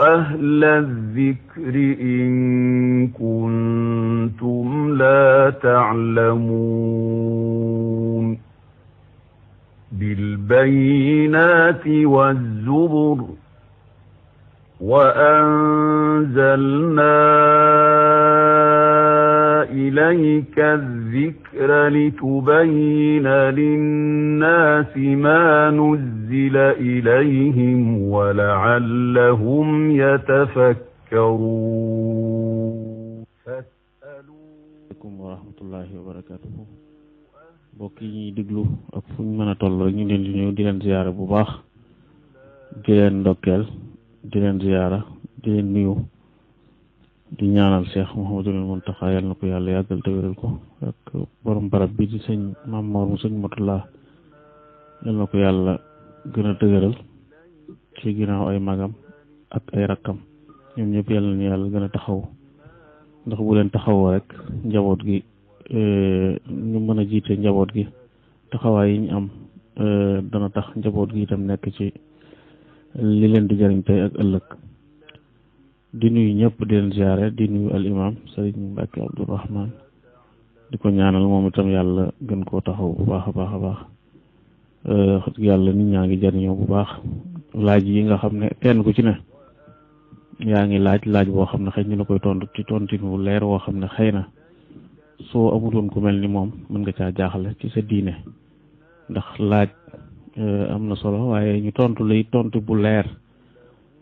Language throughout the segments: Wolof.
أهل الذكر إن كنتم لا تعلمون بالبينات والزبر وأنزلنا إليك الذكر لتبين للناس ما نزل إليهم ولعلهم يتفكرون فاسألوا ورحمة الله وبركاته mbokk yi ñuy déglu ak fu ñu mën a toll rek ñu leen di ñëw di leen ziyaara bu baax di leen ndokkeel di leen ziyaara di leen nuyu di ñaanal Cheikh Mouhamadul Mountakha yàlla na ko yàlla yàggal barab bi di sëñ Maam Mor sëñ Motulaa yàlla na ko gën a dëgëral ci ginnaaw ay magam ak ay rakkam ñoom ñëpp yàlla na yàlla gën a taxaw ndax bu leen taxawoo rek njaboot gi e, ñu mën a jiite njaboot gi taxawaay yi ñu am e, dana tax njaboot gi itam nekk ci li leen di jëriñ tey ak ëllëg. di nuy ñëpp di leen ziare di nuyu al imam sëriñ Mbàkke Abdourahman di ko ñaanal moom itam yàlla gën koo taxaw bu baax a baax a baax euh, yàlla nit ñaa ngi jariñoo bu baax laaj yi nga xam ne kenn ko ci ne yaa ngi laaj laaj boo xam ne xëy ñu la koy tontu ci tontin wu leer woo xam ne xëy na soo amutoon ku mel ni moom mën nga caa jaaxle ci sa diine ndax laaj euh, am na solo waaye ñu tontu lay tontu bu leer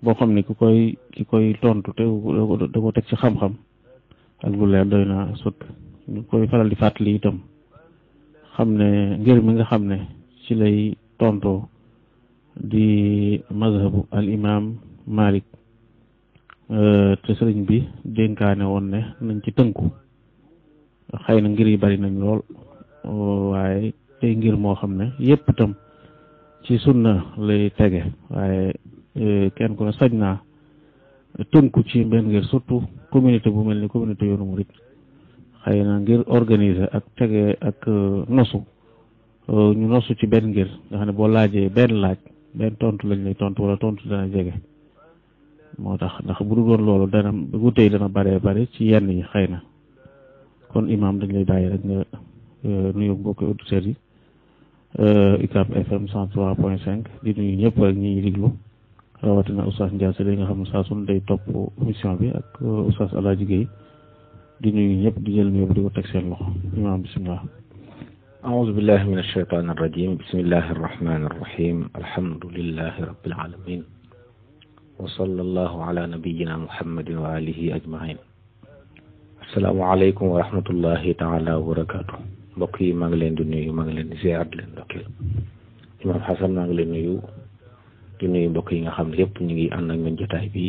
boo xam ne ku koy ki koy tontu te da ko teg ci xam-xam ak lu leer doy na sut ñu koy faral di fàttali itam xam ne ngir mi nga xam ne ci lay tontoo di mazhabu al imam malik euh, te sëriñ bi dénkaane woon ne nañ ci tënku xëy na ngir yi bari nañ lool waaye tey ngir moo xam ne yépp itam ci sunna lay tege waaye E, kenn ku ne sañ naa tënku ci benn ngir surtout communauté bu mel ni communauté yoonu murit xëy na ngir organiser ak tege ak e, nosu e, ñu nosu ci benn ngir nga xam ne boo laajee benn laaj benn tontu lañ lay tontu wala tontu dana jege moo tax ndax bu dul woon loolu dana wute yi dana bare bare ci yenn yi xëy na kon imaam dañ lay bàyyi rek nga nuyu mbokki auditeurs yi UCAB FM 103 point 5 di nuyu ñëpp rek ñi ñuy diglu rawatina Oustaz Ndiaye Sylla nga xam ne saa sun day topp émission bi ak Oustaz Alaaji Guèye di nuyu ñëpp di jël nuyoo di ko teg seen loxo imaam bisimilah أعوذ بالله من الشيطان الرجيم بسم الله الرحمن الرحيم الحمد لله رب العالمين وصلى الله على نبينا محمد وآله أجمعين السلام عليكم ورحمة الله تعالى وبركاته بقي مغلين دنيا مغلين زيارة لين دكيل إمام حسن مغلين يو di nuyu mbokk yi nga xam ne yëpp ñu ngi ànd ak ñun jotaay bi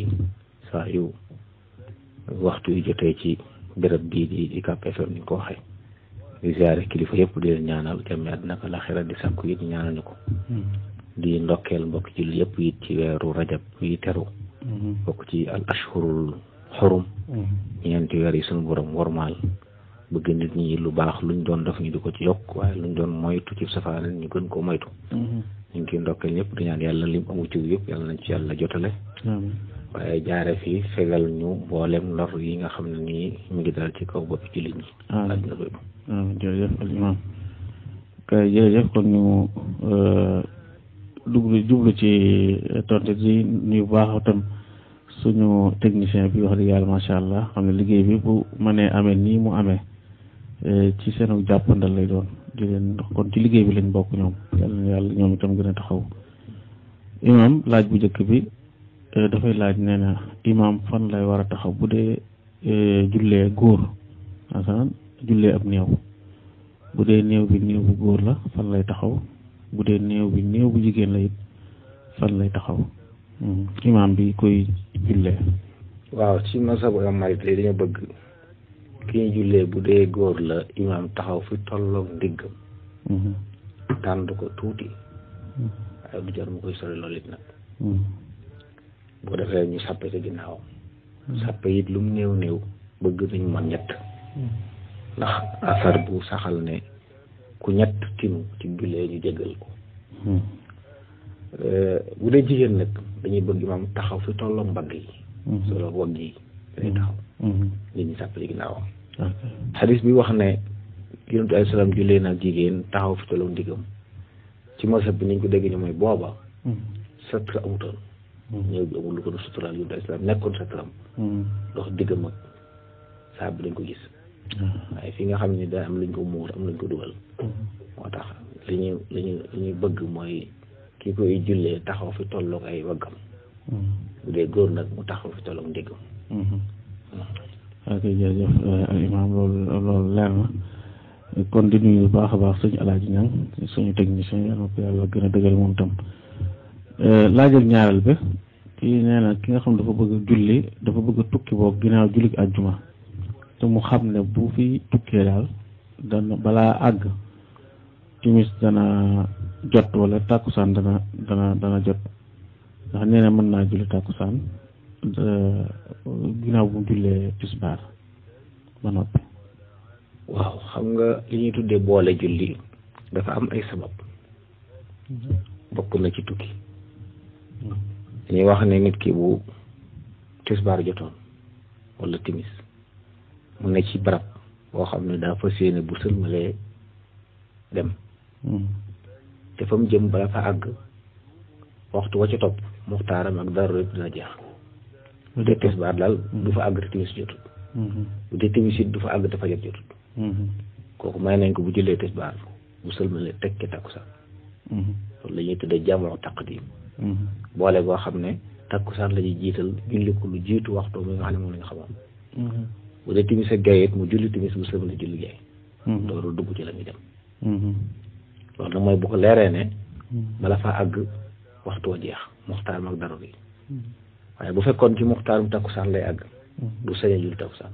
saa yu waxtu yu jotee ci béréb bii di di Ucab FM ni ko waxee di ziare kilifa yëpp di leen ñaanal jàmm àddina ak laaxira di sàkku it ñaanal hmm. di ndokkeel mbokk ci li yëpp it ci weeru rajab yi teru. Hmm. bokk ci al ashhurul xurum. Hmm. ñeenti weer yi sunu borom wormaal bëgg nit ñi lu baax luñ doon def ñu di ko ci yokk waaye luñ doon moytu ci safaan ñu gën ko moytu mm-hmm. ñu ngi ciy ndokkeel ñëpp di ñaan yàlla lim amu ciw yëpp yàlla nañ ci yàlla jotale waaye jaare fii fegal ñu mboolem yi nga xam nii mu ngi dal ci kaw bopp ci liñ ñi àddina bépp jërëjëf al imam kon ñu euh, duglu jublu ci euh, tonte di nuyu baax tam suñu technicien bi wax dëgg yàlla macha allah xam ne liggéey bi bu mënee amee nii mu amee Eh, ci seenu jàppandal lay doon di leen kon ci liggéey bi lañ bokk ñoom yàlla yàlla ñoom itam gën a taxaw imaam laaj bu njëkk bi eh, dafay laaj nee na imaam lay war a taxaw bu dee eh, jullee góor jullee ab néew bu dee néew bi néew bu góor la fan lay taxaw bu dee néew bi néew bu jigéen la it fan lay taxaw hmm. imaam bi koy jullee waaw ci masabu am malik dañoo bëgg ki jullee bu dee góor la imaam taxaw fi tolloog ndiggam mhm. tànd ko tuuti mhm. waaye du jar mu koy sori loolu nag mhm. boo defee ñu sàppe sa ginnaawam sàppe it lu mu néew néew bëgg nañu man ñett ndax asar bu saxal ne ku ñett timu ci jullee ñu jéggal ko euh, bu dee jigéen nag dañuy bëgg imaam taxaw fi tolloog mbagg yi solo wagg yi dañuy taxaw nit ñi sàppe ci ginnaawam xadis bi wax ne yonent bi alayhi salaam jullee na jigéen taxaw fi tolloon ci masab bi niñ ko dégg ñu mooy booba satr amutoon ñëw nekkoon satram dox diggam ak saa bi dañ ko gis waaye fi nga xam ne daa am ko muur am luñ ko dugal moo tax li ñu bëgg mooy ki koy jullee taxaw fi tolloog ay waggam mm-hmm. bu dee góor nag mu taxaw fi tolloog ndiggam mm-hmm. ak jërëjëf euh, al imam loolu leer na kon di nuyu bu baax a baax suñu alaaji ñang suñu technicien yi yàlla yàlla gën a dëgëral moom tam euh, laaj ak ñaareel bi kii nee na ki nga xam dafa bëgg a julli dafa bëgg tukki boog ginnaaw julli àjjuma te mu xam ne bu fi tukkee daal dana balaa àgg timis dana jot wala tàkkusaan dana dana dana jot ndax nee na mën naa julli tàkkusaan ginnaaw bu jullee tisbaar ba noppi waaw xam nga li ñuy tuddee boole julli dafa am ay sabab bokk na ci tukki ñu wax ne nit ki bu tisbaar jotoon wala timis mu ne ci barab boo xam ne daa fas yéene bu sëlmalee dem te fa mu jëm bala fa àgg waxtu wa ca topp muxtaaram ak daru yëpp dina jeex bu dee tisbaar daal fa àgg te timis jotut mhm. bu du fa àgg te fajar jotut mhm. kooku may nañ ko bu jëlee tisbaar bu sëlmalee teg ci takkusaan mhm. loolu la ñuy tuddee jamono taqdim boole boo xam ne takkusaan la ñuy jiital julli lu jiitu waxtu mi nga xam ne moom la ñu xamoon bu dee timis mu julli timis bu sëlmalee julli gaye dooru dugg ci lañuy muy dem loolu nag mooy bu ko leeree ne bala fa àgg waxtu jeex muxtaar mag daro bi waaye bu fekkoon ci muxtaarum takkusaan lay àgg du mm-hmm. sañ a julli takkusaan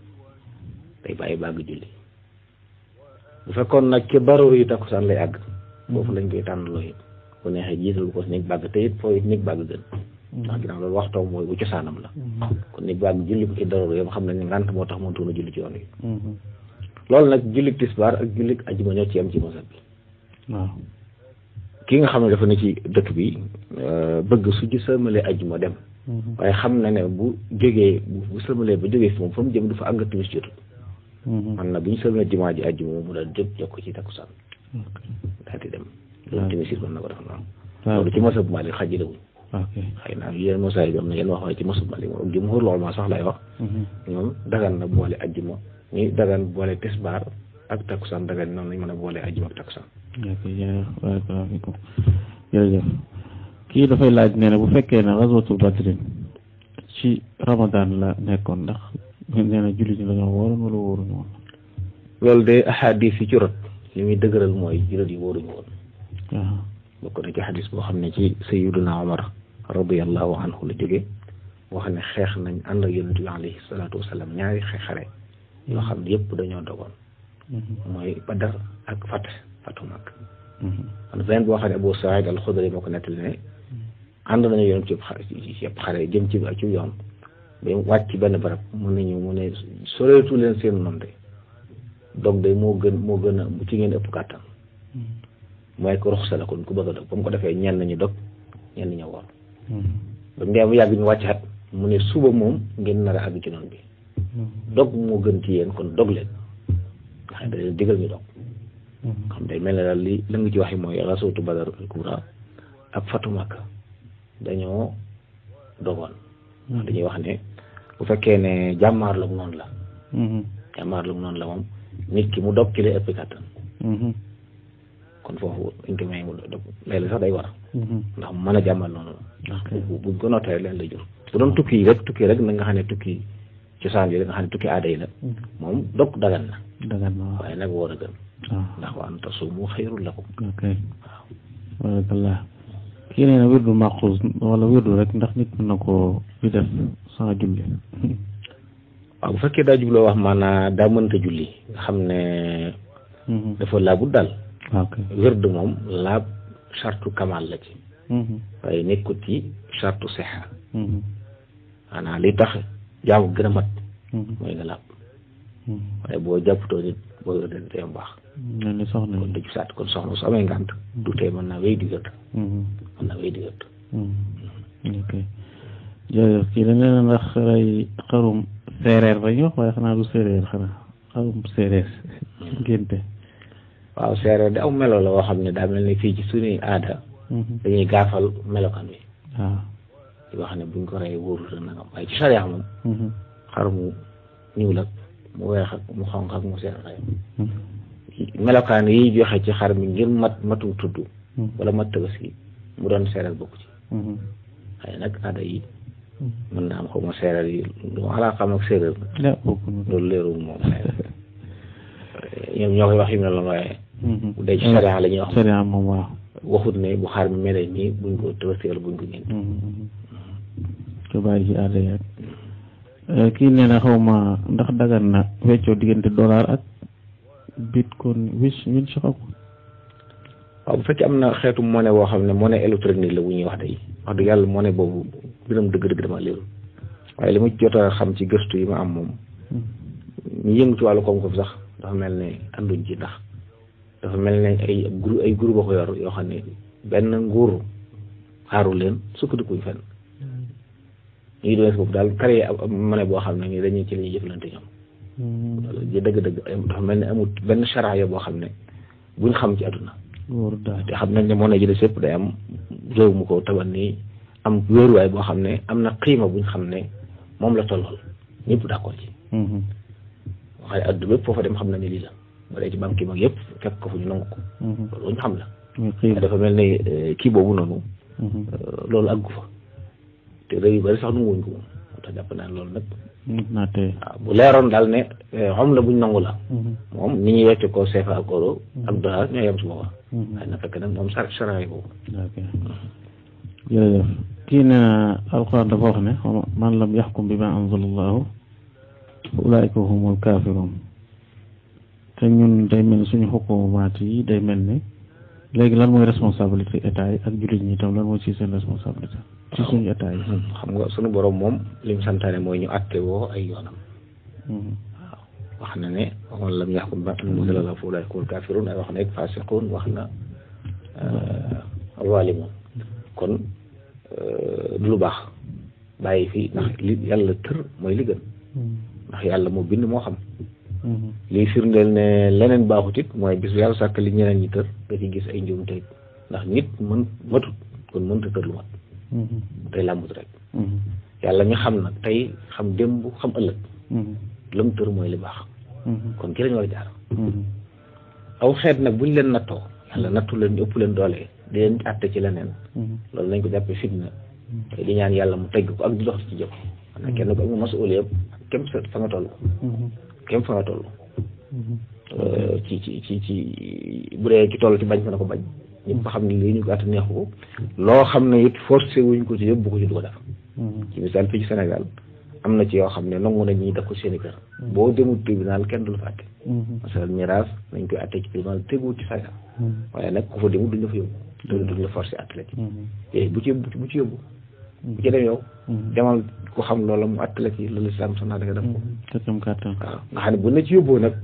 day bàyyi bàgg julli bu fekkoon nag ci baroor yu takkusaan lay àgg mm-hmm. foofu lañ koy tànn loo it bu neexee jiital ko te bàgg gën mm-hmm. ndax ginnaaw loolu waxtoom mooy bu cosaanam la kon néeg bàgg julli ko ci daroor yëpp xam nañ ne ngànt moo tax mëntu na julli ci loolu nag jullik tisbaar ak jullik ajuma ñoo ci am ci mosal bi waaw kii nga xam ne dafa ne ci dëkk bi euh, bëgg su ci sëmale ajuma dem Mhm. waaye xam na ne bu jógee bu sëlmalee ba jógee si moom fa mu jëm du fa la timis jotul mhm. man na bu ñu sëlmalee jumaa ji àjjuma mu daal jóg jokk ci takkusaan daal di dem loolu timis it mën na ko def noonu loolu ci masab Maalik xajalewuñ xëy na yeneen mosaay bi am na yenn wax waaye ci masab Maalik moom jumhur loolu lay wax mhm. ñoom dagan na boole àjjuma ñuy dagan boole tisbaar ak takkusaan dagan noonu lañ mën a boole àjjuma ak takkusaan jërëjëf kii dafay laaj nee na bu fekkee ne xaswatul badrin ci ramadan la nekkoon ndax nee na jullit ñi la ñoo wóoroon wala wóoruñu woon loolu de ahadis yi ci rot li muy dëgëral mooy jullit yi wóoruñu woon waaw bokk na ci xadis boo xam ne ci sayyiduna Umar radiallahu anhu la jóge boo xam ne xeex nañ ànd ak yonent bi alayhi salaatu wasalaam ñaari xeexare yoo xam ne yëpp dañoo dogoon mm-hmm. mooy Badar ak Fat Fatu Mag mm-hmm. am benn boo xam ne Abu Saïd al-Xudri moo ko nettali ne ànd nañu yoon ci yëpp xare jëm ci ci yoon ba wàcc benn barab mun nañu mu ne soreetu leen seen noon de dog de moo gën moo gën a ci ngeen ëpp kàttan mooy hmm. ko rox sala kon ku bëgg a dog ba mu ko defee ñenn ñu dog ñenn ñu woor hmm. ba mu dee bu yàgg ñu wàcc xat mu ne suba moom ngeen nar a àgg ci noon bi hmm. dog moo gën ci yéen kon dog leen nga xam da leen digal ñu dog xam day mel ne daal li la nga ci waxi mooy rasootu badar al kubra ak fatu makka dañoo dogoon ndax hmm. dañuy wax ne bu fekkee ne jàmmaarloog noonu la hmm. jàmmaarloog noonu la moom nit ki mu dog ki lay ëpp kàttan hmm. kon foofu dañ ko may mu dog léeg-léeg sax day war ndax mu mën a jàmmal noonu la leen lay jur bu doon tukki yi rek tukki xam ne tukki cosaan yi rek nga xam ne aada yi la moom dog dagan na na waaye a ah. ndax wa an tasuumu waaw kii nee na wirdu màquus wala wirdu rek ndax nit mën na koo di def sans julli waaw bu fekkee daa jubloo wax maanaam daa mënta julli nga xam ne mhm. dafa laabut daal wirdu moom laab chartu kamal la ci mhm. waaye nekkut ci chartu sexa mhm. maanaa li tax jaamu gën a mat waaye boo jàpputoo nit boo wér dana tee mbaax ne soxna kon dëju saat kon soxna su amee ngànt du tee mën naa mm-hmm. mm-hmm. ok jërëjëf kii da nee na ndax rey xarum séeréer lañuy wax waaye xanaa du séeréer xanaa xarum séeréer mm-hmm. ngénte waaw séeréer da aw melo la woo xam ne daa mel ne fii ci suñuy aada dañuy gaafal melokaan wi waaw ah. di wax ne buñ ko rey wóorul nangam waaye ci sariya moom xar mu ñuul mu weex mu xonq ak mu seer rey melokaan yi joxe ci xar mi ngir mat matu tudd hmm. wala mat tabaski mu doon seeral bokk ci hmm. xëy nag aada yi hmm. mën naa am xaw ma seeral yi loolu moom ñoom ñoo koy wax yu mel noonu la ñuy wax sariya moom waaw waxut ne bu xaar mi melee nii buñ ko tabaski wala buñ ko génn ko bàyyi ci aada yi ak kii nee xaw ma ndax dagan na weccoo diggante dollar ak bitcoin which which xam waaw bu fekkee am na xeetu monnaie boo xam ne monnaie électronique la bu ñuy wax day wax dëgg yàlla monnaie boobu biram dëgg-dëgg dama leerul waaye li mu jot a xam ci gëstu yi ma am moom hmm. ñu yëngu ci wàllu koom-koom sax dafa mel ne anduñ ci ndax dafa mel ne ay groupe ay groupe yor yoo xam ne benn nguur xaaru leen sukkandikuñ fenn hmm. ñu ngi doon boobu daal créé ab monnaie boo xam ne ni dañuy ci la ñuy ñoom dëgg-dëgg dafa mel ni amul benn saraaya boo xam ne buñ xam ci àdduna te xam nañ ne moo na jële sépp day mu ko taban nii am wéeruwaay boo xam ne am na xiima buñ xam ne moom la tollool ñëpp d'accord ci mhm. waxale àdduna bépp foofa dem xam na ne lii la ba dee ci banque yi mag yëpp fekk ko fu ñu nangu ko mhm. loolu ñu xam la dafa mel ne eh, kii boobu noonu mhm. eh, loolu àggu fa te réew yu bari sax nu wuñ ko jàpp te jàpp naa loolu nag. waaw bu leeroon daal ne eh, la buñ nangu la. Mhm. moom ni ñuy wecc ko CFA mhm. ak euro. ak dollar ñoo yem su boobaa. Mhm. waaye na fekk nag boobu. kii nee na alxuraan dafa wax ne man lam yaxkum bi ma anzalallahu fa ulaayka humul kaafiruun te ñun day mel suñu xukumaat yi day ni léegi lan mooy responsabilité état yi ak jullit ñi tam lan mooy ci responsabilité. ci xam nga suñu boroom moom lim santaane mooy ñu àtte woo ay yoonam waaw mm-hmm. wax na ne wala lam yaxkum bi muslala fa ulaa'ika humul kaafiruun ay wax na ak faasiquun wax na euh, zaalimuun kon euh, lu baax bàyyi fi ndax li yàlla tër mooy li mm-hmm. ndax yàlla moo bind moo xam mm-hmm. liy firndeel ne leneen baaxut it mooy bis yàlla sàkk li ñeneen ñi tër nga ci gis ay njuumte ndax nit mën matut kon mënta tër lu mat tey mm-hmm. làmbut rek mm-hmm. yàlla ñu xam nag tey xam démb xam ëllëg mm-hmm. la mu tër mooy li baax kon ki lañu war a jaar aw xeet nag buñ leen nattoo yàlla nattu leen ñu ëpp leen doolee di leen àtte ci leneen loolu lañ ko jàppee fitna di ñaan yàlla mu tegg ko ak di dox ci jëf xanaa kenn ko am nga masuul yëpp kem sa fa nga toll kem fa nga toll euh, ci ci ci ci bu dee ki toll ci bañ fa na ko bañ ñëpp xam ne lii ñu ko attan neexu ko loo xam ne it forcé wuñ ko ci yëpp bëgguñu di ko def. Mm-hmm. ci misaal fii ci Sénégal am na ci yoo xam ne nangu nañ ñuy def ko seen i mm-hmm. boo demul tribunal kenn du la fa atte. Mm-hmm. parce que miraas nañ koy atte ci tribunal teguwul ci Sénégal. waaye nag ku fa demul duñ la fa yóbbu. loolu duñ la forcé eh, bu ci bu ci yóbbu. bu ci dem yow. demal ko xam loola mu atte la ci loolu islam sax naa da nga def ko. te tam waaw nga xam ne buñ la ci yóbboo nag.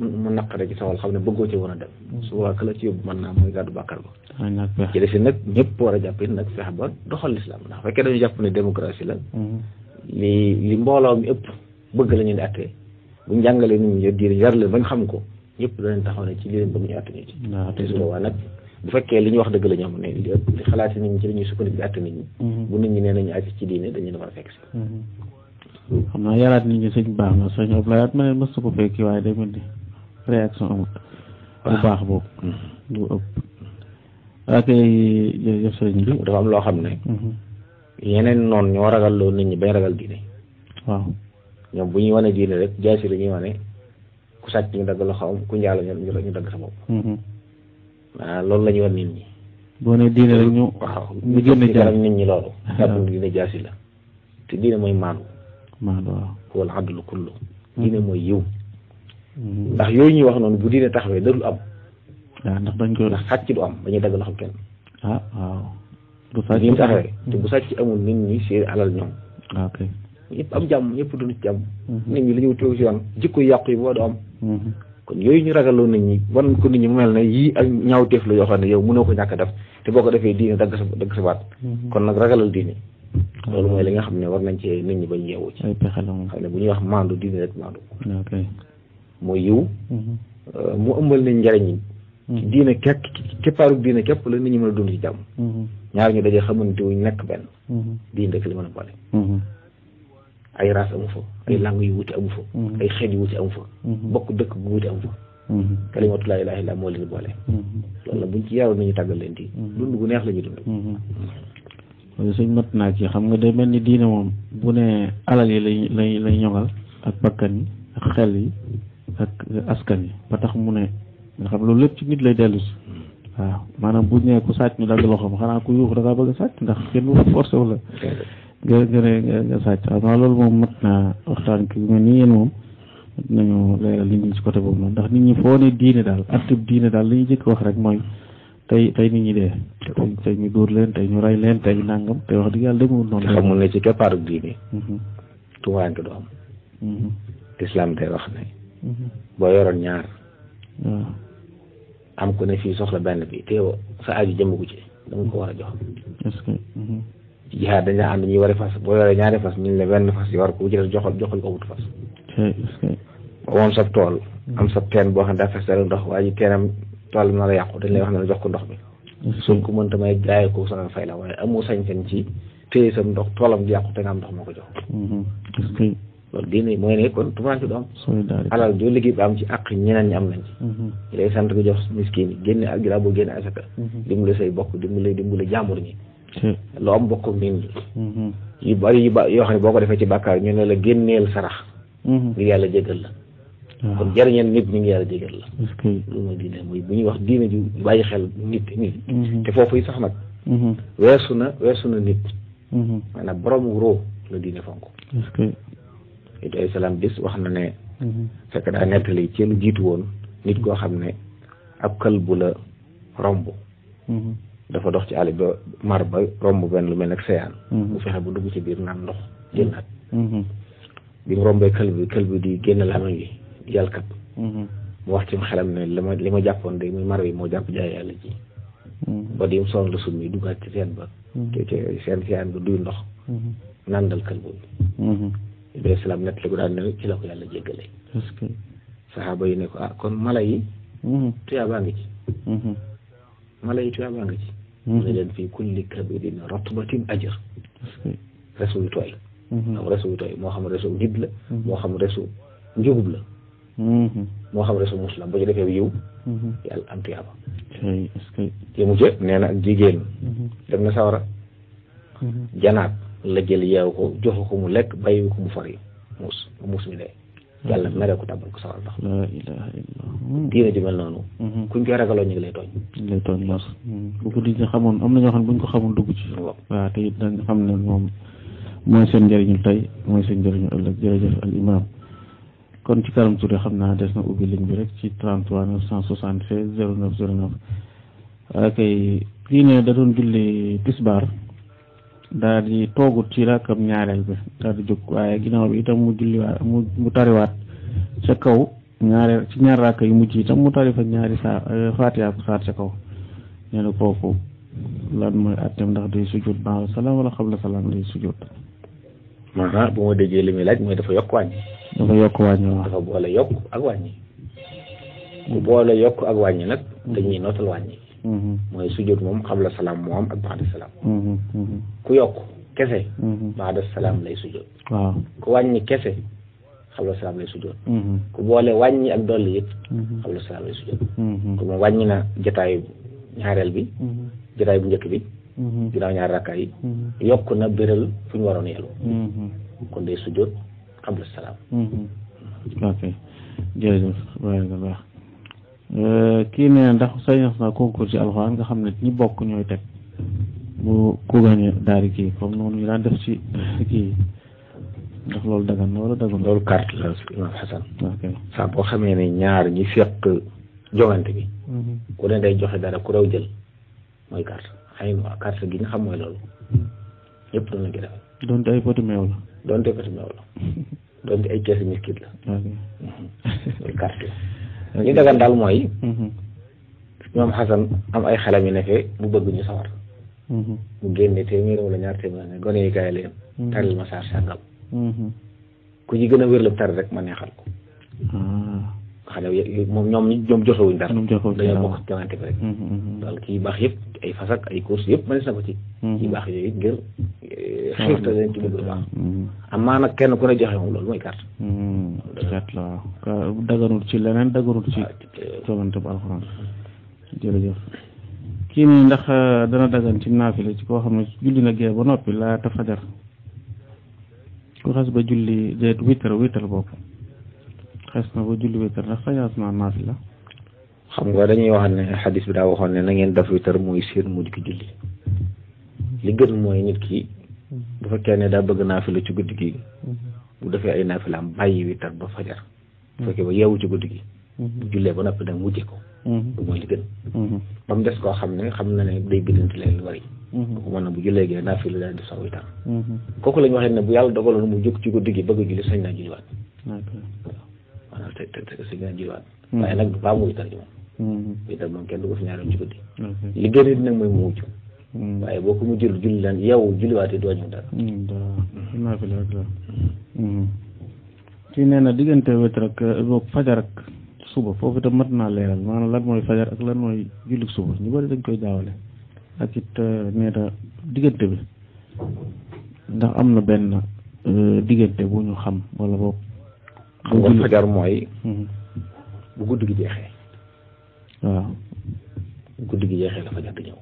mu naqare ci sawal xam ne bëggoo ci woon a dem mm. su boobaa a ci yóbbu mën naa mooy gàddu bàkkaar ba ci defi nag ñëpp war a jàpp it nag fexe ba doxal lislaam ndax fekkee dañu jàpp ne démocratie la mm. li li mbooloo mi ëpp bëgg la ñu di attee bu njàngalee nit ñi diir yar leen bañ xam ko ñëpp danañ taxaw ne ci li nit ñi ci nit ñi mm-hmm. bu nit ñi nee nañu àgg ci diine dañu war a fekk si mm-hmm. xam naa yaraat nit ñi sëñ baax na sëñ Ablaye at ma ne mës ko fekki waaye day mel ni réaction amut bu baax boobu hmm. bu ëpp dafa am loo xam ne hmm. yeneen noonu ñoo ragal loolu nit ñi bañ ragal diine waaw ñoom bu ñuy wane diine rek jaasi la ñuy wane ku ñu dagg loxoom ku njaalo ñu dagg sa bopp hmm. ah, loolu la ñuy wan ñi boo ne diine rek ñu waaw ñu génn nit ñi loolu jàpp diine jaasi la te diine mooy maandu maandu waaw wal adlu kullu diine mooy yiw Mm-hmm. ndax yooyu ñuy wax noonu bu diine taxawee dootul am. waaw ah, ndax dañ ko ndax sàcc du am dañuy dagg loxo kenn. ah waaw. du sàcc ni mu taxawee te bu sàcc amul nit ñi seen alal ñoom. Ah, ok ñëpp am jàmm ñëpp du ci jàmm. Mm-hmm. nit ñi li ñu wutoo si yoon jikko yàqu yi boo am. Mm-hmm. kon yooyu ñu ragaloo nit ñi wan ko nit ñi mu mel ne yii ak ñaawteef la yoo xam ne yow mënoo ko ñàkk def te boo ko defee diine dagg sa dagg sa baat. kon nag ragalal diine. Ah. loolu mooy li nga xam ne war nañ cee nit ñi bañ yeewu ci. ay pexe bu ñuy wax maandu diine rek maandu. ok. mooy yiw mhm. euh, mu ëmbal nañ njariñ yi mhm. ci diine kekk ci keppaaru diine képp la nit ñi mën a dund ci jàmm mhm. ñaar ñu dajee xamante wuñ nekk benn diine rek li mën a boole ay race amu fa ay langue yu wuti amu fa ay xeet yu wuti amu fa bokk dëkk bu wuti amu fa kalimatu laa ilaaha illaa moo leen boole loolu la buñ ci yaroon nañu tàggal leen di dund gu neex la ñu dund loolu suñ mat naa xam nga day mel ni diine moom bu ne alal yi lay lay lay ñoŋal ak bakkan yi ak xel yi ak askan yi ba tax mu ne nga xam loolu lépp ci nit lay dellu si waaw maanaam bu ñu nee ku sàcc ñu dagg loxoom xanaa ku yuux da bëgg a sàcc ndax kenn du forcé wala nga nga ne nga sàcc waaw loolu moom mat naa waxtaan ki mel nii yéen moom nañu leeral li ñu ci côté boobu noonu ndax nit ñi foo ne diine daal attib diine daal li jëkk wax rek mooy tey tey nit ñi dee tey ñu dóor leen tey ñu rey leen tey nangam tey wax dëgg yàlla demewul noonu te xamul ne ci keppaaru diine mhm. tumaanke du am mhm. lislaam boo yoroon ñaar hmm. am ku ne fii soxla benn bi teew sa aju jëmm gu ci da nga ko war a jox hmm. ci jihaad dañ la ànd ñuy wari fas boo yoree ñaari fas ñu ne benn fas yor ko bu ci des joxal wut fas moom sab tool hmm. am sab teen boo xam ne daa fes dara ndox waa ji teenam toolam na yàqu dañ lay wax ne la jox ko ndox bi suñ ko mënta may jaay ko sa fay la waaye amu sañ-sañ ci téye sam ndox toolam di yàqu te nga am ndox moo ko jox loolu génne mooy ne kon tumaanke du am alal joo liggéey ba am ci àq ñeneen ñi am nañ ci ñi mm-hmm. lay sant ko jox miskin yi génne ak ginnaaw génne asaka mm-hmm. dimbale say bokk dimbale dimbale ñi loo am bokk nit mm-hmm. yu bari yu ba yoo xam ne boo ko defee ci bàkkaar ñu ne la génneel sarax ngir yàlla jégal la ah. kon jariñeen nit ñi ngi yàlla jégal la loolu mooy diine mooy bu ñuy wax diine ju bàyyi xel nit nit te foofu yi sax nag weesu na weesu na nit maanaam borom roo la diine it ay salaam bis wax na ne mhm. fekk daa nettali ci lu jiitu woon nit koo xam ne ab kël bu la romb mhm. dafa dox ci àll ba mar ba romb benn lu mel nag seyaan bu mhm. fexe bu dugg ci biir naan ndox génnaat bi mu rombee kël bi kël bi di génn lamañ wi di mu wax ci xelam ne li ma jàppoon de muy mar wi moo jàpp jaay yàlla ji ba di mu la summi duggaat ci seen ba te ci seen seyaan bi duy ndox nandal kël boobu alayhi salaam nett li ko daan ne ci la ko yàlla jéggale saxaaba yi ne ko ah kon mala yi mm-hmm. tuyaabaa ngi ci mm-hmm. mala yi tuyaabaa ngi ci mm-hmm. mu ne leen fii kulli kabidin ratbatin ajr resu yu tooy am resu yu moo xam resu nit moo xam resu njugub la la boo ci defee yiw yàlla am tuyaaba te mu jë nee na jigéen dem na sawara janaat la jël yeew ko jox ko mu lekk bàyyi ko mu fari muus muus mi dee yàlla mm-hmm. mere ko tàbbal ko sawar ndax diine ji mel noonu mm-hmm. kuñ koy ragaloo ñu ngi lay tooñ ñu ngi lay tooñ mos bu mm-hmm. di ñu xamoon am na ñoo xam ne bu ñu ko xamoon dugg ci waaw te it dañ xam ne moom mooy seen njëriñu tey mooy seen njëriñu ëllëg jërëjëf al imam kon ci Karam Touré xam naa des na ubbi ligne bi rek ci 33 976 09 09 akay kii ne da doon julli tisbaar daal di toogut ci rakkam ñaareel bi daal di jóg waaye ginnaaw bi itam mu julliwaat mu mu tariwaat sa kaw ñaareel ci ñaar rakk yu mujj itam mu tari fa ñaari saa euh, faatiha ko saar ca kaw nee na kooku lan mooy àtteem ndax day sujjóot na salaam wala qabla salaam day sujjóot. Ah, bu ma déggee li muy laaj mooy dafa yokk wàññi. dafa yokk wàññi waaw. dafa boole yokk ak wàññi. bu boole yokk ak wàññi nag. dañuy nootal wàññi. Mm-hmm. mooy sujjóot moom xabla salaam moo am ak baada salaam mm-hmm. Mm-hmm. ku yokk kese baada salaam lay sujjóot waaw ku wàññi kese xabla salaam lay sujjóot ku boole wàññi ak dolli it xabla salaam lay sujjóot ku moom wàññi na ñaareel bi jataay bu njëkk rakka yi yokk na béral fu ñu waroon yelu kon day sujjóot xabla salaam Euh, kii nee na ndax sañoon na concours ci alxuraan nga xam ne ñi bokk ñooy teg bu ku gagné daal di kii comme noonu ñu daan def ci kii ndax loolu dagan na wala dagan loolu carte la imam Xasan saa boo xamee ne ñaar ñi fekk jogante bi mhm. ku ne day joxe dara ku raw jël mooy carte xëy na carte gi ñu xam mooy loolu yëpp mhm. doon na ki defal donte ay poti meew la donte ay poti meew la donte ay keesi miskit la loolu mhm. carte la li dagan daal mooy mhm. ñoom xasan am ay xalam yu ne fee bu bëgg ñu sawar bu mhm. génne téeméer wala ñaar téeméer ne gone yi kaay leen mhm. taril ma saar sàngam ku ci gën a wér la tar rek ma neexal ko ah. xale yooyu moom ñoom ñoom joxewuñ dara. ñoom joxewuñ dara mm-hmm, mm-hmm. dañoo baax yëpp ay fasak ay course yëpp mënees na ko ci. Mm-hmm. kii baax yooyu ngir eh, kenn ku ne joxe moom loolu mooy carte. carte la waaw daganul ci leneen daganul ci. Ah, euh, jongante bu alxuraan kii nii ndax euh, dana dagan ci naafila ci koo xam ne julli na gee ba noppi laata fajar ku xas ba julli déet witar witar bopp. xes na ba julli witër ndax sañ asmaan naafi xam nga dañuy wax ne xadis bi daa waxoon ne na ngeen def witër mooy seen mujj ki julli li gën mooy nit ki bu fekkee ne daa bëgg naafila ci guddi gi bu defee ay naafilaam bàyyi witër ba fajar bu fekkee ba yeewu ci guddi gi bu jullee ba noppi da mujje ko bu mooy li gën ba mu des koo xam ne xam na ne day biddanti leen lu bari kooku mën na bu jullee gee naafila daal di sax witar mhm. kooku la ñu waxee ne bu mu ci guddi gi bëgg julli sañ naa julliwaat maanaam a jiwaat. Hmm. waaye nag faa muy tarjuma. witar hmm. moom kenn du ko fi ñaaral ci guddi. li gën a nag hmm. waaye boo ko mu jël yow julliwaatee doo ñu dara. waaw na diggante witar ak eh, fajar mat naa leeral maanaam lan mooy fajar lan mooy julli ñu dañ koy jaawale ak it eh, nee na diggante bi ndax am na benn eh, diggante bu ñu xam wala boobu. xam nga fajar mooy mm-hmm. bu guddi gi jeexee waaw bu guddi gi jeexee la fajar di ñëw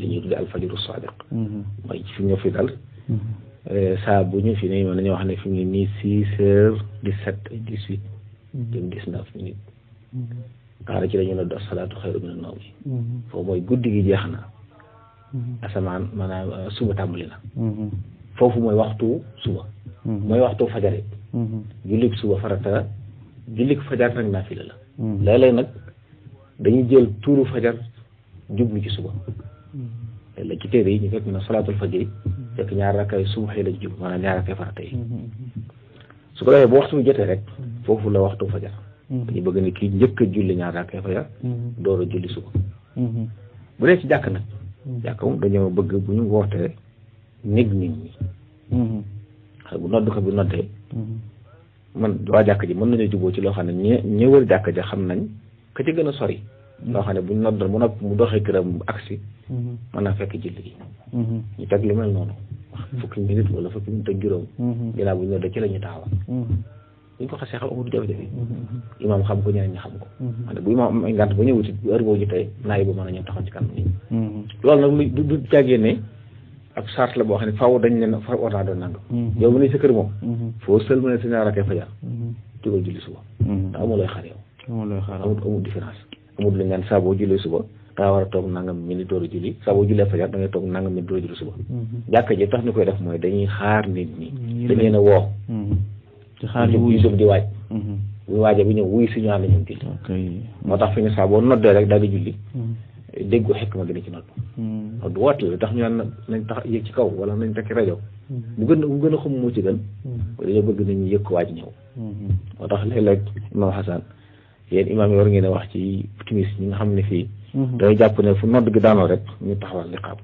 li ñuy tudde alfajaru sadiq mm-hmm. mooy fi ñu fi dal mm-hmm. eh, saa bu ñu fi ne mën wax ne fi nii six heures dix sept et dix huit dix neuf minutes xaaral ci dañu la dos salaatu xayru mina nawm bi foofu mooy guddi gi jeex na asamaan maanaam euh, suba tàmbali na foofu mooy waxtu suba mooy waxtu fajar Mm-hmm. jullik suba farata la jullik fajar nag naafila la mm-hmm. léeg-léeg nag dañuy jël tuuru fajar jublu ci suba mm-hmm. léeg-léeg ci téere yi ñu fekk na salaatul fajri fekk ñaar rakkay yi la jub maanaam ñaar rakkay farata yi su ko defee bu waxtu bi jotee rek foofu la waxtu fajar dañu bëgg ne kii njëkk a julli ñaar rakkay fajar door a julli suba bu dee ci jàkk nag jàkk moom dañoo bëgg bu ñu wootee néeg nit ñi xëy bu nodduka bi noddee Mm-hmm. man waa jàkk ji mën nañoo juboo ci loo xam ne ñe ñe wër jàkk ja xam nañ ka a gën a sori mm-hmm. loo xam ne bu noddoon mu nag mu doxee këram aksi mm-hmm. mën naa fekk julli gi ñu teg lu mel noonu fukki minute wala fukki minute ak juróom ginnaaw buñ noddee ci la ñu taxawal buñ ko xasee xam amul jafe-jafe imaam xam ko ñeneen ñi xam ko xam ne bu imaam am ay ngànt ba ñëwuti bu heure a loolu nag lu du jàggee ne ak charte la boo xam ne faaw dañ ne fa mm-hmm. yow mi ne sa kër moom. Mm-hmm. foo sëlmale sa ñaar rakkee fajar. Mm-hmm. jógal julli suba. ndax amuloo xaar yow. amuloo xaar amul amul différence. amul lu ñu naan saa boo jullee suba daa war a toog nangam minute door a julli saa boo jullee fajar da ngay toog nangam minute a julli suba. jàkka ji tax ñu koy def mooy dañuy xaar nit ñi. dañ leen a woo. ci xaar yi wuy jóg di waaj. bu waajee bi ñëw wuy si ñu ànd ñoom julli. moo tax fi ñu saaboo boo noddee rek daal di julli. déggu xikma gi da ci nodd hmm. nodd woote lu tax ñu naan nañ tax yëg ci kaw wala nañ takki rajo hmm. mu gën a xum moo ci gën hmm. dañoo bëgg nañu yëg ko waaj ñëw moo tax léeg-léeg imam Hasan ngeen a wax ci timis ñi nga xam ne fii dañuy jàpp ne fu nodd gi daanoo rek ñu taxawal li xaab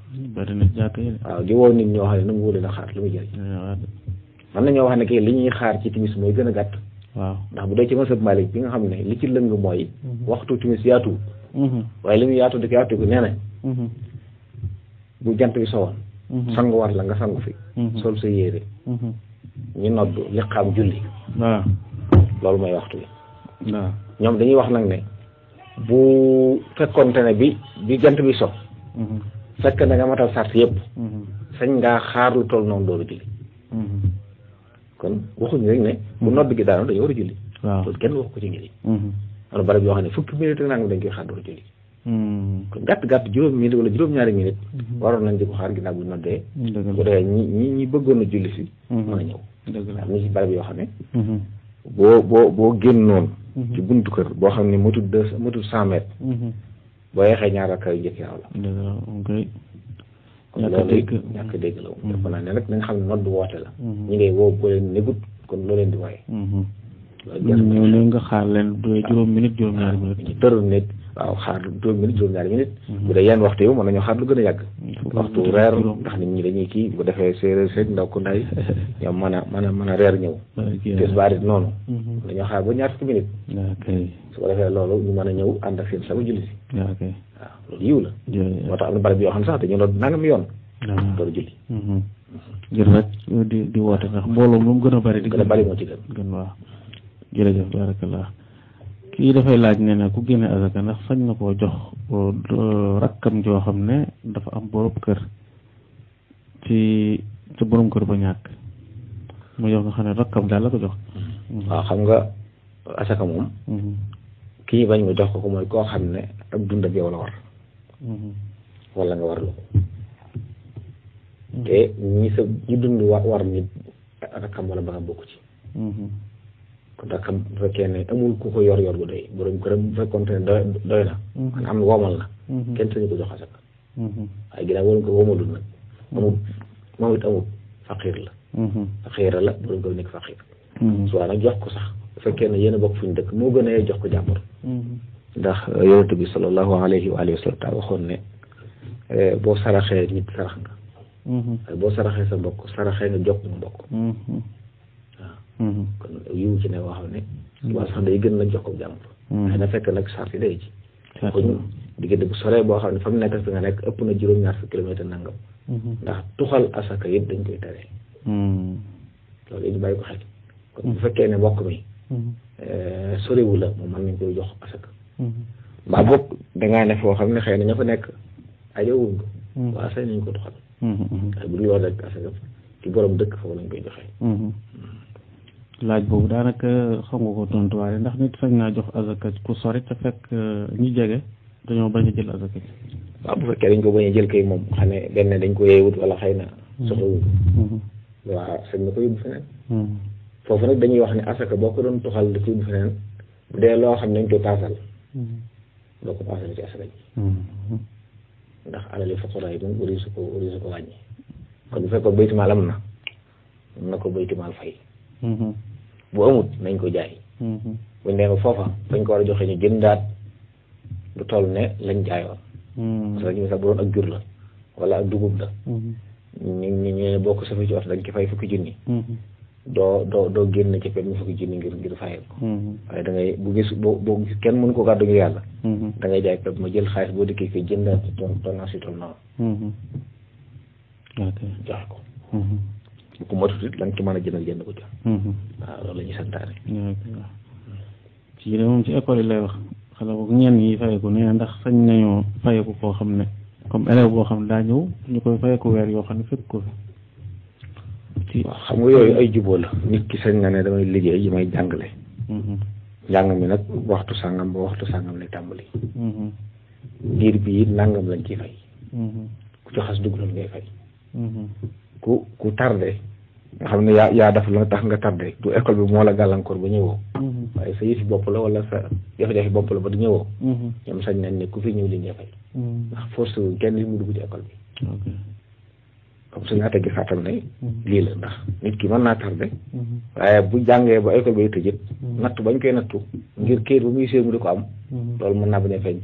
waaw di woo nit ñoo xam ne na mu wóole la xaar lu mu jëriñ man nañoo wax ne kay li ñuy xaar ci timis mooy gën a gàtt waaw ndax bu dee ci masab Malik bi nga xam ne li ci lëng mooy waxtu timis Mm-hmm. waaye li muy yaatu di ko yaatu nee na mm-hmm. bu jant bi sowoon mm-hmm. na war la nga sangu fi sol sa yére ñu nodd liqaam julli waaw loolu mooy waxtu bi ñoom dañuy wax nag ne bu fekkoonte ne bi bi jant bi so fekk na nga matal sart yëpp sañ ngaa xaar lu toll noonu dooru julli kon waxuñu rek ne bu nodd gi daanoo dañu war a julli loolu kenn wax ko ci ngir wala barab yoo xam ne fukki minute ak nangam dañ koy xaar doo julli hmm. kon gàtt gàtt juróom minute wala juróom-ñaari minute hmm. waroon nañ di xaar ginnaaw bu ñu noddee bu dee ñi ñi ñi bëggoon a julli hmm. a yoo xam ne boo boo boo génnoon ci buntu kër boo xam ne matul deux matul cent mètres boo yeexee ñaar ak ay jëkk yaaw la loolu ñàkk dégg la woon. dafa naa ne nag nañ xam ne nodd woote la. ñi ngay woo boo leen négut kon loo di waaye. ñëw na nga xaar leen juróom minute juróom ñaari minute tërul nit waaw xaar juróom minute juróom ñaari minute mhm. bu dee yenn waxtu yi mën nañoo xaar lu gën a yàgg waxtu reer ndax nit ñi dañuy kii bu ko defee séeréer seeg ndaw ko nday ñoom mën a mën a mën a ñëw tisbaar mhm. ba ñaar fukki minute su ko a ñëw ànd ak seen sago julli si waaw loolu yiw la moo tax am na barab yoo xam sax dañu loolu nangam yoon loolu ah. julli mhm. ngir rek di di woote ndax mbooloo moom gën a bari di gën a bari moo ci gën gën jërëjëf barakallah kii dafay laaj ne ne ku génne azaka ndax sañ na koo jox euh, rakkam joo xam ne dafa am borom kër ci ci borom kër ba ñàkk mu jox nga ne rakkam daal la ko jox mm-hmm. Mm-hmm. waaw xam nga moom mm-hmm. kii bañ mu jox ko ko mooy koo xam ne ak dund ak yow la war wala nga war lu te ñi sa ñi dund war nit rakkam wala ba nga bokk ci parce que bu fekkee ne amul ku ko yor yor bu doy borom këram bu fekkoon ne doy na. Mhm. am na woomal na. Mhm. kenn sañu ko jox asaka. Mhm. waaye ginnaaw borom kër woomalul nag. amul it amul faqiir la. faqiir la borom kër nekk faqiir. su nag jox ko sax bu fekkee ne yéen bokk fu ñu dëkk moo gën a jox ko jàmbur. ndax euh, yonent bi sallallahu alayhi wa sallam waxoon ne euh, boo saraxee nit sarax nga. waaye boo saraxee sa bokk saraxee nga jox ko mbokk. kon yiw ci ne woo xam ne mm-hmm. waa sax day gën la jox ko jàmm mm-hmm. xëy na fekk nag sart yi day ci ko ñu diggante bu soree boo xam ne fa mu nekk fi nga nekk ëpp na juróom-ñaar fukki kilomètre nangam mm-hmm. ndax tuxal asaka yëpp dañ koy tere loolu it bàyyi ko xel bu fekkee ne mbokk mi eh, sorewu la moom mën nañ koy jox asaka mbaa boog dangaa ne foo xam ne xëy na ña fa nekk ajowuñ ko waa say nañ ko tuxal waaye bu dul loolu rek asaka ci borom dëkk foofu lañ koy joxee laaj boobu daanaka xam nga ko tontuwaale ndax nit sañ naa jox azaka ku sori te fekk euh, ñi jege dañoo bañ a jël azaka ji bu fekkee ko bañ a kay moom xam ne benn dañ ko yeewut wala xëy na mm-hmm. soxlawuñ mm-hmm. waaw sañ ko yóbbu feneen mm-hmm. dañuy wax ne asaka boo ko doon tuxal di ko yóbbu feneen bu loo xam ne dañ koy paasal doo ko paasal ci asaka ndax alali fuqara yi moom wari su ko wari su ko wàññi kon bu fekkoon baytimaal am na na ko baytimaal fay bu amut nañ ko jaay mm-hmm. buñ dee ko foofa fañ ko war a joxe ñu jëndaat lu toll ne lañ jaayoon mm-hmm. parce que sax bu doon ak la wala dugub la mm-hmm. ñu ñu ñu bokk safa ci oto dañ ci fay fukki junni doo doo doo génn ci benn fukki junni ngir ngir fayal waaye da bu gis boo boo gis kenn mënu ko gàddu ngir yàlla da ngay jaay pep ma jël xaalis boo dikkee ko jëndaat ton tonnaa si tol noonu joxe ko bu ko matut it la a jëndal jënd ko ca. Mhm. waaw loolu la ñuy santaane. ci moom ci école yi lay wax xale bu ñenn yi fayeku nee ndax sañ nañoo fayeku koo xam ne comme élève boo xam ne daa ñëw ñu koy fayeku weer yoo xam ne fekk ko fi. xam nga ay jubóo la nit ki sañ na ne damay liggéey yi may jàngale. Mhm. njàng mi nag waxtu sàngam ba waxtu sàngam lay tàmbali. Mhm. diir bii nangam lañ ciy fay. ku ci xas dugg loolu ngay fay. ku ku tardé nga xam ne yaa yaa def la tax nga tardé du école bi moo la gàllankoor ba ñëwoo. Mm-hmm. waaye sa yëfi bopp la wala sa jafe-jafe bopp la ba du ñëwoo. Mm-hmm. ñoom sañ nañ ne ku fi ñëw li ñu fay. Mm-hmm. ndax force kenn li mu gi saatam ne lii la ndax nit ki mën di ko am loolu mën naa bañ a feeñ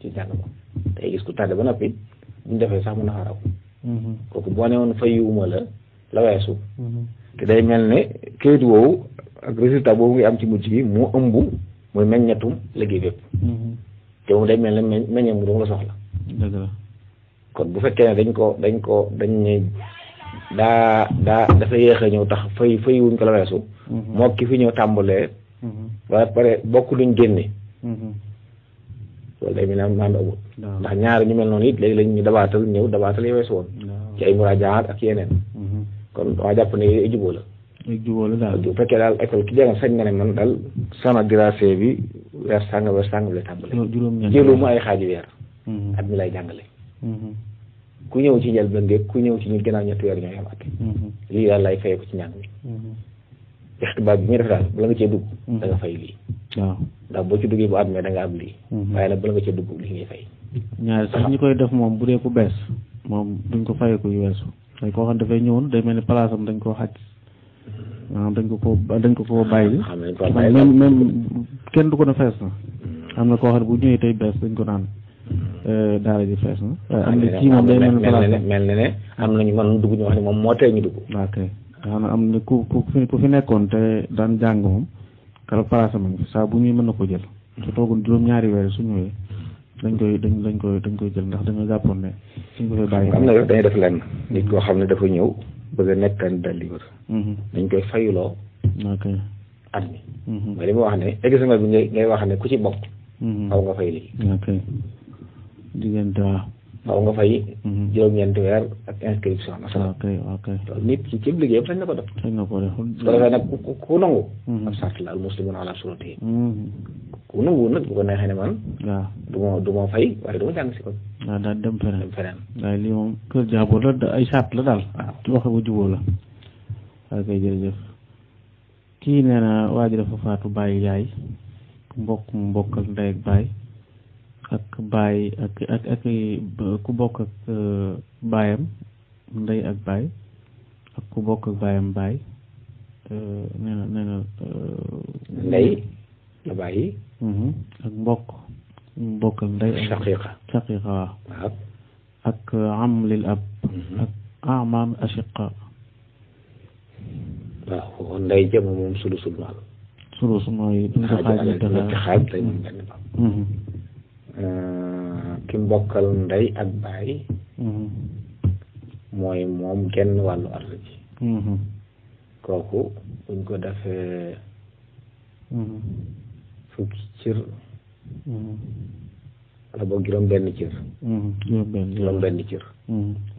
ci jàng ba tey gis ku tardé ba noppi buñ defee sax mën a xaraw kooku boo ne woon fayuwuma la la te day mel ne kayit woowu ak résultat boobu ngay am ci mujj gi moo ëmb mooy meññatum liggéey bépp te moom day mel ne meññam ngi doon la soxla la kon bu fekkee ne dañ ko dañ ko dañ ne daa daa dafa yéex a ñëw tax fay fay wuñ ko la mhm. moo ki fi ñëw tàmbalee mhm. ba pare bokk luñ génne mhm. loolu day mel ne maanaam amul ndax ñaari ñu mel noonu it léegi lañ ñu dabaatal ñëw dabaatal yi weesu woon ci ay muraajaat ak yeneen kon dama jàpp ne ay jubóo la. ay jubóo la daal bu fekkee daal école ki jàngal sañ nga sama dirasé bi weer sàngam weer sàngam lay tàmbale. juróom-ñeent jëlu mu ay xaaju weer. Mm-hmm. at mi lay jàngale. Mm-hmm. ku ñëw ci njëlbéen bi ku ñëw ci ñu gannaaw ñetti weer ñoo am at. Mm-hmm. lii daal lay fayee ko ci njàng mi. ixtibaar bi muy def daal bala nga cee dugg. da nga fay lii. waaw ndax boo ci duggee bu amee da nga am lii. waaye nag bala nga cee dugg lii ngay fay. ñaar sax ñi koy def moom bu dee ku bees moom duñ ko fayee ku weesu. tey koo xam dafay ñëwoon day mel ni place am dañ koo xaj maanaam dañ ko koo dañ ko koo bàyyi. même même kenn du ko ne fees am na koo xam ne bu ñëwee tey bees dañ ko naan euh, daara ji fees na. Euh, am na ñu moom man dugg ñu wax ne moom moo tee ñu dugg. ok xam na am na ku ku fi ku fi nekkoon te daan jàng moom keroog place am saa bu ñuy mën na ko jël. su toogoon juróom-ñaari weer su ñëwee. dañ koy dañ dañ koy dañ koy jël ndax dañoo jàppoon na yow dañuy def lenn. nit koo xam ne dafa ñëw bëgg nekk candidat libre. Mm-hmm. dañ koy fayuloo. ok at mi. Mm-hmm. mooy li ma wax ne examen bi ngay ngay wax ne ku ci bokk. xaw mm-hmm. nga fay lii. ok diggante faaw nga fay. juróom-ñeenti weer ak inscription. ok ok loolu nit ci cib liggéeyam sañ na ko def. sañ na ko def su ko defee nag ku ku nangu. ab sart la al muslimun ala surati. ku nangu nag bu ko neexee ne man. waaw du ma du ma fay waaye du ma jàng si ko. waaw daal dem feneen dem feneen. waaye lii moom kër jaabur la ay sart la daal. waaw waxe bu jubóo la. ok jërëjëf kii nee na waa ji dafa faatu bàyyi yaay mbokk mu mbokkal ndey ak baay. ak baay ak ak ak ku bokk uh, baayam ndey ak baay ak ku bokk baayam baay uh, nee na nee na uh, ndey la bàyyi mm-hmm. ak mbokk mbokk ak ak ak am lil ab mm-hmm. ak amam ashiqa waaw ndey jëm Euh, ki mbokkal ndey ak baay mm-hmm. mooy moom genn wàllu ard ji mm-hmm. kooku buñ ko defee mm-hmm. fukki cër wala boog juróom benn cër juróom benn cër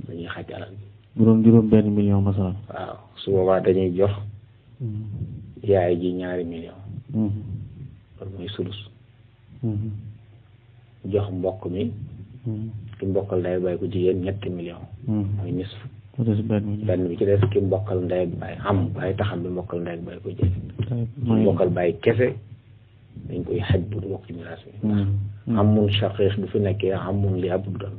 dañuy xaj alal ji bu juróom benn million masalan waaw su dañuy jox yaay ji ñaari million loolu mooy sulus jox mbokk mi hmm. ki mbokkal ndey baay ku jigéen ñetti million hmm. mooy nisf benn bi ci des ki mbokkal ndey baay am waaye taxam bi mbokkal ndey baay ku jigéen mbokkal baay kese dañ koy xaj bu du bokk ci miraas bi ndax hmm. amun shaqiq bu fi nekkee amun li ab doon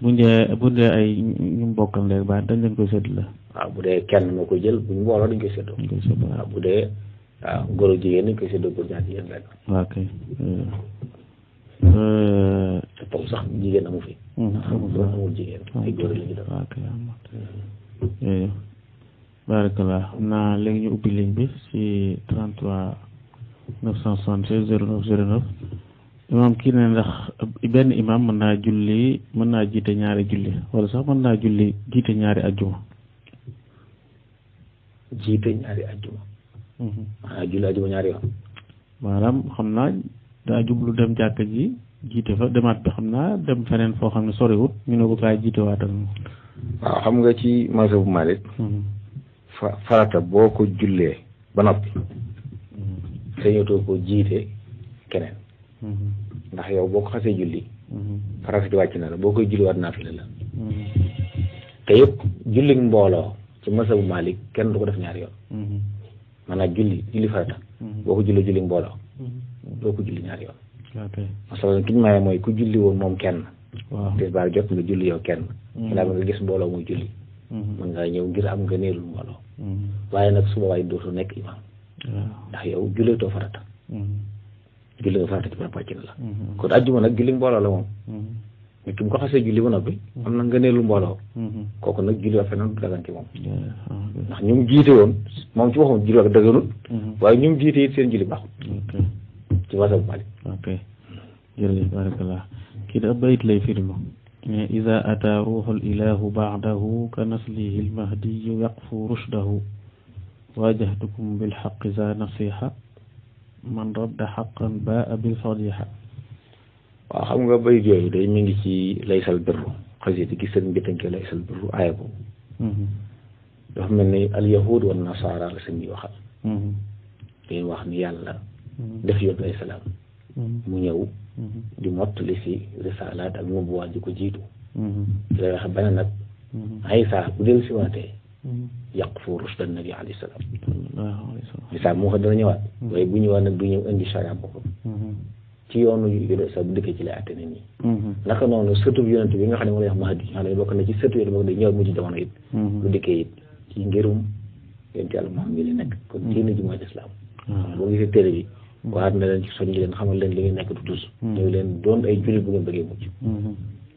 bu ñu dee bu ñu dee ay ñu mbokkal ndey baay dañ leen koy sédd la waaw bu dee kenn moo ko jël bu ñu booloo dañ koy séddoo waaw bu dee waaw góor ak jigéen nañ koy séddoo góor ñaar jigéen rek. Euh, euh, jigéen amu fi. Hmm. amul jigéen ñu def. ok euh, barakallah xam naa léegi ñu ubbi ligne bi si 33 976 09 09 imaam kii ne ndax benn imaam mën naa julli mën naa jiite ñaari julli wala sax mën naa julli jiite ñaari ajjuma. jiite ñaari ajjuma. Mm-hmm. ah julli ajuma ñaari yoon. maanaam xam naa daa jublu dem jàkka ji jiite fa demaat bi xam naa dem feneen foo xam ne sorewut ñu ne bu kaay jiitewaatal ma. waaw xam nga ci mazhabu bu mm-hmm. fa farata boo ko jullee ba noppi. Mm-hmm. ko jiite keneen. yow boo ko xasee julli. farata wàcc na la boo koy julliwaat naafila la. te yëpp jullig mbooloo ci mazhabu Malik kenn du ko def ñaari yoon. naa julli julli farata mhm. boo ko jullee julli mbooloo mhm. doo ko julli ñaari yoon masala kiñ maye mooy ku julli woon moom kenn tis baar jot nga julli yow kenn ginnaaw mhm. bi nga gis mbooloo muy julli mën ngaa ñëw ngir am nga neelul mbooloo waaye nag suba waay dootu nekk imam ndax yow julleetoo farata julli nga farata ci par pàcc la kon ajjuma nag julli mbooloo la moom nit ki bu ko xasee julli ba noppi. am na ngëneelu mbooloo. Mm-hmm. kooku nag julli rafet na dagan ci moom. ndax ñu mu jiite woon moom ci waxum julli ak daganut. Mm-hmm. waaye ñu mu jiite it seen julli baaxul. ci wasa bu Malick. ok jërëjëf barakallah kii da bayit lay firi moom. mais ida ata ruuxul ilahu baadahu ka naslihi almahdiyu yaqfu rushdahu waajahtukum bilxaqi za nasiha man rabda xaqan baa bilfadiha waaw xam nga bayit yooyu day mi ngi ci laysal birru xasida gi sëriñ bi tënkee laysal birru aaya boobu mm-hmm. dafa mel ni al yahud wan nasaara la sëñ bi waxal mm-hmm. dañu wax yàlla mm-hmm. def yoon mu ñëw di mott li si risaalaat ak nubuwaat ji ko jiitu la waxe bana nag Aysa bu del si waatee yàq foo rusdan nabi alayhi salaam Aysa moo ko dana ñëwaat waaye bu ñëwaat nag du ñëw indi charia boppam ci yoonu Yunusa bu dëkkee ci lay àtte nit naka noonu sëtub yonent bi nga xam ne moo lay wax Mahdi xam ne bokk na ci sëtu yonent bokk na ñëw mujj jamono it bu mm-hmm. dëkkee it ci ngirum mm-hmm. ah. leen ci soññi leen leen li ngeen nekk du dus mm-hmm. ñëw leen doon ay jullit bu ngeen bëggee mucc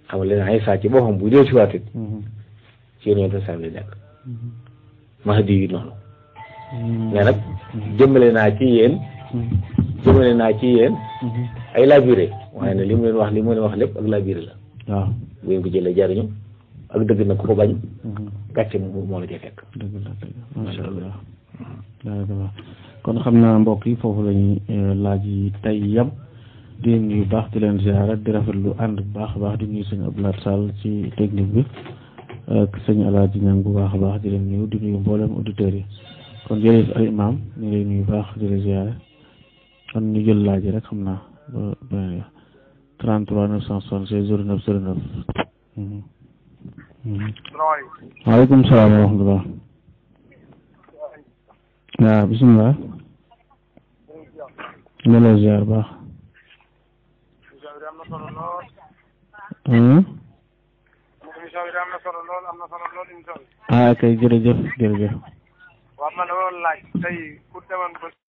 xamal leen ay saa ci boppam bu dee si waatit ci yoonu yonent saam lay nekk Mahdi yi noonu mais nag jëmale naa ci yéen jëmale naa ci yéen ay labiré waaye ne li mu leen wax li mu leen wax lépp ak labiré la waaw bu ngeen ko jëlee jariñu ak dëgg na ku ko bañ mhm. gàcce moo fekk dëgg la masha kon xam naa mbokk yi foofu lañuy euh, laaj yi tey yam di leen nuyu baax di leen ziara di rafet lu ànd bu baax a baax di nuyu sëñ Abdoulaye Sall ci technique bi ak sëñ Alaaji Ñang bu baax a baax di leen nuyu di nuyu auditeurs yi kon jërëjëf al imam ñu lay nuyu baax di leen ziara kon ñu jël xam naa ba beneen yoon 33 976 09 09. salaamaaleykum. waaleykum salaam wa rahmatulah. waaw bisimilah. ñu lay ziar baax. Mm-hmm. ah kay jërëjëf jërëjëf. waaw man dama doon laaj tey ku